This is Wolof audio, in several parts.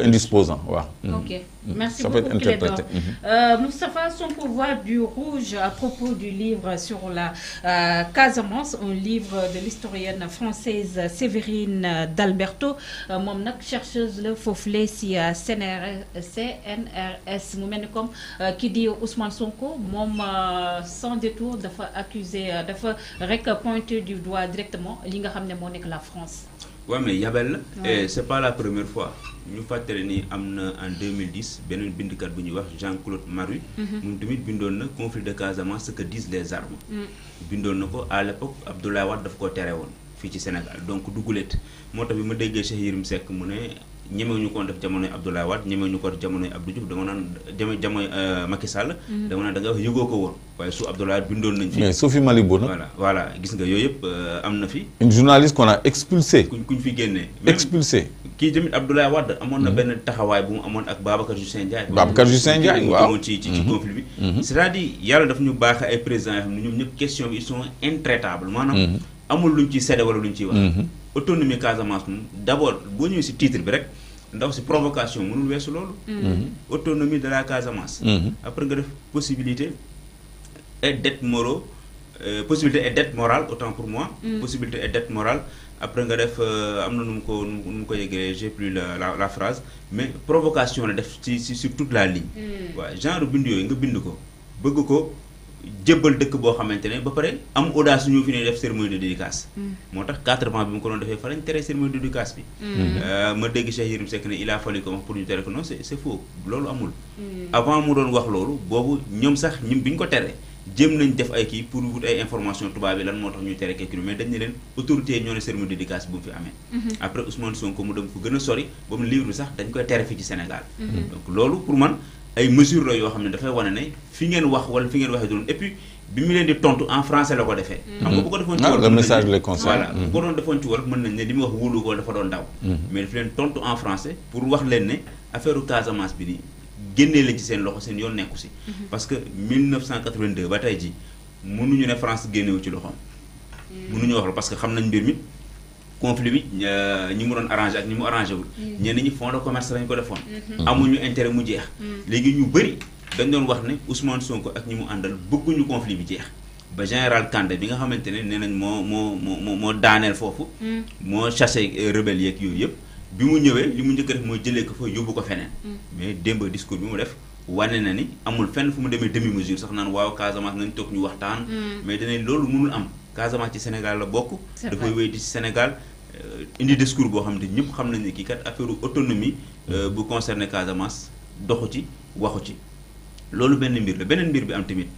indisposant. Mm. Mm. merci Ça peut mm-hmm. euh, son pouvoir du rouge à propos du livre sur la euh, Casamance, un livre de l'historienne française Séverine D'Alberto, euh, chercheuse le fauflé, si CNRS CNRS comme euh, Ousmane Sonko euh, sans détour faire accusé de faire du doigt directement li nga la France. Ouais mais yabel ce et eh, c'est pas la première fois ñu avons ni en 2010 beneen bindkat bu Jean-Claude Maru mhm. moom tamit bindoon na conflit de Casamance ce que disent les armes mm. bindoon na à l'époque Abdoulaye Wade daf koo tere woon ci Sénégal donc duguleet moo tax bi ma déggee Cheikh Yérim Seck mu ñemewuñu ko def jamonoy Abdoulaye Wade ñemewuñu ko def jamonoy Abdou Diouf dama nan naan jam jamoy euh, Macky Sall mhm. da nga da nga wax yego ko won waaye su Abdoulaye bindon nañ fi mais Sophie Malibaud nag voilà voilà gis nga yoyep yëpp euh, am fi une journaliste qu'on a expulsé kuñ kuñ fi génnee expulsé ki tamit Abdoulaye wad amon na mhm. ben taxaway bu mu amoon ak Babacar Justin Ndiaye Babacar Justin Ndiaye waaw ci ci mhm. conflit bi c'est-à-dire yalla daf ñu baaxe ay président yoo xam ñëpp question bi ils sont intraitables manam amul luñ ci sedde wala luñ ci wax autonomie Casamance D'abord, d' ñu ci titre bi rek provocation mm-hmm. autonomie de la Casamance. Mm-hmm. après nga possibilité et dette moraux euh, possibilité et dette morale autant pour moi. Mm. possibilité et dette morale après nga def euh, j'ai plus la phrase mais provocation la def sur toute la ligne. Mm. genre nga jébbal dëkk boo xamante ne ba pare am audace ñu fi ne def cérémonie de dédicace. Mm. moo tax quatre ans bi mu ko doon defee fa lañ tere cérémonie de dédicace bi. Mm. Mm. Euh, ma dégg Cheikh a fallu ko wax pour ñu tere ko non c'est c'est faux mu fi amee. Mm-hmm. après Ousmane Sonko mu dem fu gën a sori ba mu livre bi sax dañ koy tere fii ci Sénégal. Mm-hmm. donc loolu pour man. ay mesure la yoo xam ne dafay wane ne fi ngeen wax wala fi ngeen waxee doon et puis bi mu leen di tontu en français la ko defee. Mm. xam nga bu ko defoon ci ah, wolof le message le concerne. voilà mm. bu ko doon defoon ci wolof mën nañ ne li mu wax wóolu ko dafa doon daw. Mm. mais daf leen tontu en français pour wax leen ne affaire Casamance bi nii génnee leen ci seen loxo seen yoon nekku si. Mm-hmm. parce que 1982 ba tey ji mënuñu ne France génnewu ci loxoom. mënuñu wax parce que xam nañ mbir mi. conflit bi ñi mu doon arrangé ak ñi mu arrangé wul. Mm. ñenn ñi fond de commerce lañ ko defoon. Mm-hmm. amuñu intérêt mu jeex. Mm. léegi ñu bëri dañ doon wax ne Ousmane Sonko ak ñi mu àndal bëgguñu conflit bi jeex. ba général Kandé bi nga xamante ne nee nañ moo moo moo moo daaneel foofu. Mm. moo chassé euh, rebelle yeeg yooyu yëpp. bi mu ñëwee li mu njëkk a def mooy jëlee ko fa yóbbu ko feneen. mais démb discours bi mu def. wane na ni amul fenn fu mu demee demi mesure sax naan waaw ñu waxtaan. mais danañ loolu Casamance ci Sénégal la bokk. da koy wéy ci Sénégal euh, indi discours bo xamné ne ñëpp xam nañ ni kii kat affaire autonomie euh, mm. bu concerné Casamance doxu ci waxu ci. loolu benn mbir la benen mbir bi am timit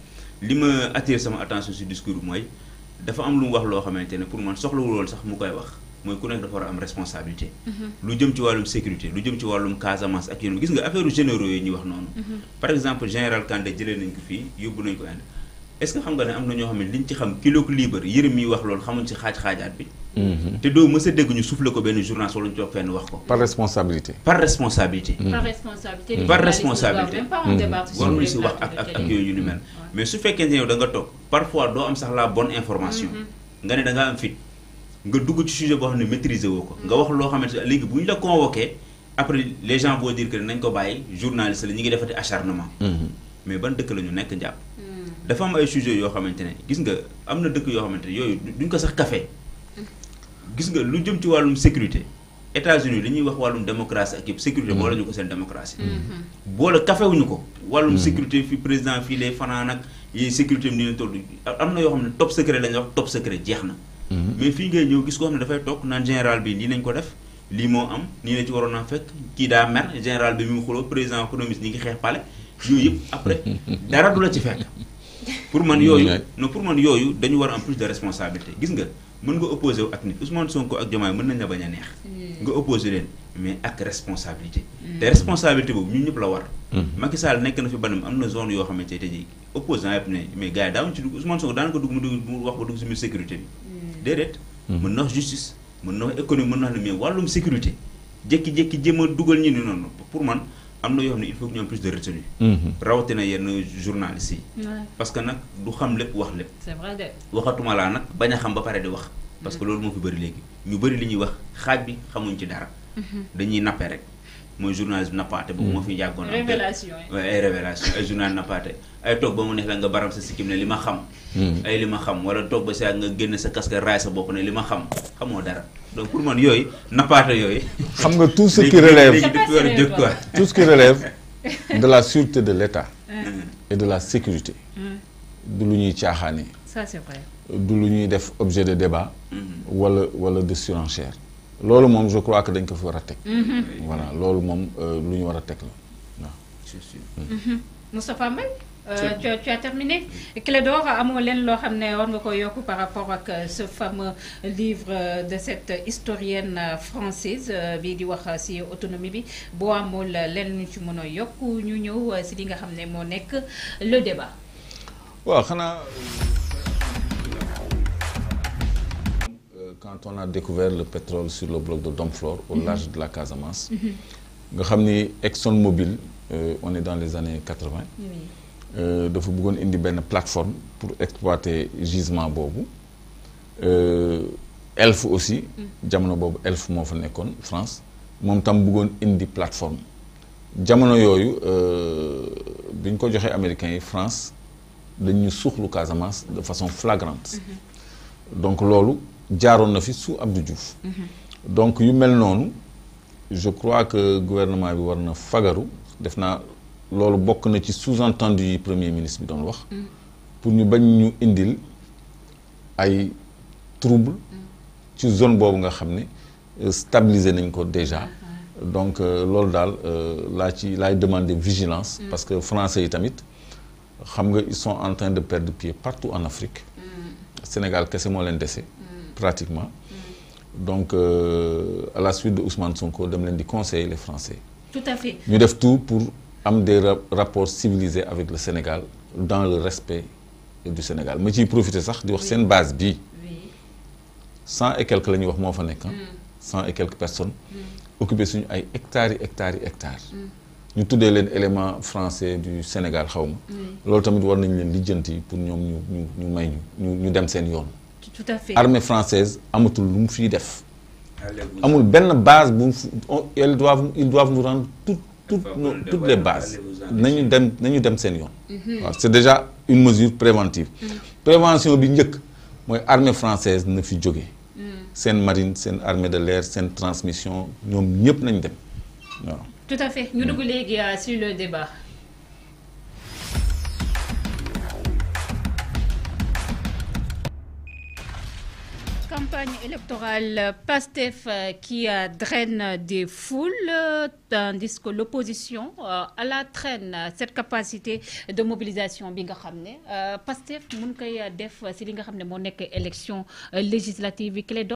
lima ma sama attention ci discours moy dafa am lu wax lo xamante ne pour man soxlawul woon sax mu koy wax. moy ku nekk dafa war am responsabilité. Mm-hmm. lu jëm ci walum sécurité lu jëm ci walum Casamance ak yéen gis nga affaire généraux yi ñi wax noonu. Mm-hmm. par exemple général Kandé jëlé nañ ko fi yobbu nañ ko Inde est-ce que xam nga ne am na ñoo xam liñ ci xam kilo libre dit wax xamuñ bi. Mhm. dégg ñu ko journal fenn wax ko. par responsabilité. par responsabilité. Mhm. par responsabilité. par responsabilité. si wax ak ak mel. mais su parfois doo am sax la bonne information. Mhm. nga da am fit nga dugg ci sujet xam maîtriser woo nga wax la après les gens vont dire que nañ ko bàyyi journaliste la ñu ngi acharnement. mais ban dëkk la ñu dafa am ay sujet yoo xamante ne gis nga am na dëkk yoo xamante ne yooyu duñ ko sax café gis nga lu jëm ci wàllum sécurité États-Unis li ñuy wax wàllum démocratie ak yëpp sécurité mm-hmm. boole ñu ko seen démocratie mm-hmm. boole café wuñu ko wàllum mm-hmm. sécurité fi président fii lay fanaan ak yi sécurité ni leen toll am na yoo xam ne top secret la wax top secret jeex na mais fii ngay ñëw gis koo xam ne dafay toog naan général bi lii nañ ko def lii moo am nii la ci waroon a fekk kii daa mer général bi mu xuloo président économiste ñi ngi xeex pale yooyu yëpp après dara du la ci fekk pour man yooyu non pour man yooyu dañu war am plus de responsabilité gis nga mën nga opposé wu ak nit Ousmane Sonko ak Diomaye mën nañ la bañ a neex mm. nga opposé leen mais ak mm. responsabilité boobu ñun ñëpp la war mm. Macky nekk na fi banam am na zone yoo xamante te ji opposant yëpp ne mais gars yi daawuñu ci dugg Ousmane Sonko daana ko dugg mu dugg mu wax ba dugg si biir sécurité bi déedéet mën na wax justice mën na wax économie mën na wax ne mais wàllum sécurité a dugal ñi ni noonu pour man am na yoo xam ne il faut que ñu am plus de retenue. Mhm. rawatina yenn journalistes yi. parce que nag du xam lépp wax lépp. c'est waxatuma laa nag bañ a xam ba pare di wax. parce que mhm. loolu moo fi bari léegi ñu bari li ñuy wax xaaj bi xamuñ ci dara. Mhm. dañuy nappe rek. mooy journalisme napaté boobu mo fi yàggoon am révélation ay révélation ay journal napaté ay tok ba mo neex la nga baram sa sikkim ne li ma xam hmm. ay li ma xam wala tok ba sa nga genn sa casque raay sa bopp ne li ma xam xamo dara donc pour man yoy napaté yoy xam nga tout ce qui relève tout ce qui relève de la sûreté de l'État hmm. et de la sécurité hmm. du luñuy ñuy ça c'est vrai du luñuy def objet de débat wala wala de surenchère loolu mom je crois que dañ ko fi war a mhm. voilà loolu mom euh, lu ñu war a la waaw. c'est sûr. Mm. Mhm. Moustapha Mbaye. Euh, tu tu as terminé. Clédor amoo leen loo xam ne war nga ko yokk par rapport ak euh, ce fameux livre de cette historienne française bi di wax ci autonomie bi bo amol len ñu ci mëno yokku ñu ñëw ci li nga xamné mo moo nekk le débat. waaw xanaa. on a découvert le pétrole sur le bloc de Domflor, au mhm. large de la Casamance, nous -hmm. nga Exxon Mobil euh, on est dans les années 80. Euh, dafa bëggoon indi une plateforme pour exploiter gisement Euh, Elf aussi. Mhm. jamono boobu Elf moo fa France nous tam une indi plateforme. jamono Yoyu, euh, bi ñu ko joxee américains nous France dañu Casamance de façon flagrante. Mhm. donc l'eau sous Abdou mhm. donc je crois que gouvernement a fagaru sous-entendu le premier ministre bi mhm. pour indil ay trouble mhm. ci zone où nous avons stabiliser déjà. donc il a demandé vigilance. parce que français et ils sont en train de perdre pied partout en Afrique. Sénégal pratiquement. donc euh, à la suite de Ousmane Sonko je les Français. tout à fait tout pour avoir des rapports civilisés avec le Sénégal dans le respect du Sénégal Mais profité de ça base et quelques hein. mm. et quelques personnes. Mm. occupé sur hectares hectares hectares. Mm. éléments français du Sénégal nous nous pour nous, nous, tout à fait armée française amatul lu mu def. amul benn base bu ils doivent ils doivent nous rendre tout toutes toutes les bases nañu dem nañu dem mhm. c'est déjà une mesure préventive. Mhm. prévention bi njëkk mooy armée française ne fi jóge. Mhm. seen marine une armée de l'air une transmission Nous ñëpp nañ dem tout à fait ñu dugg euh, sur le débat. campagne électorale, PASTEF euh, qui draine des foules, euh, tandis que l'opposition euh, à la traîne cette capacité de mobilisation PASTEF c'est koy élection législative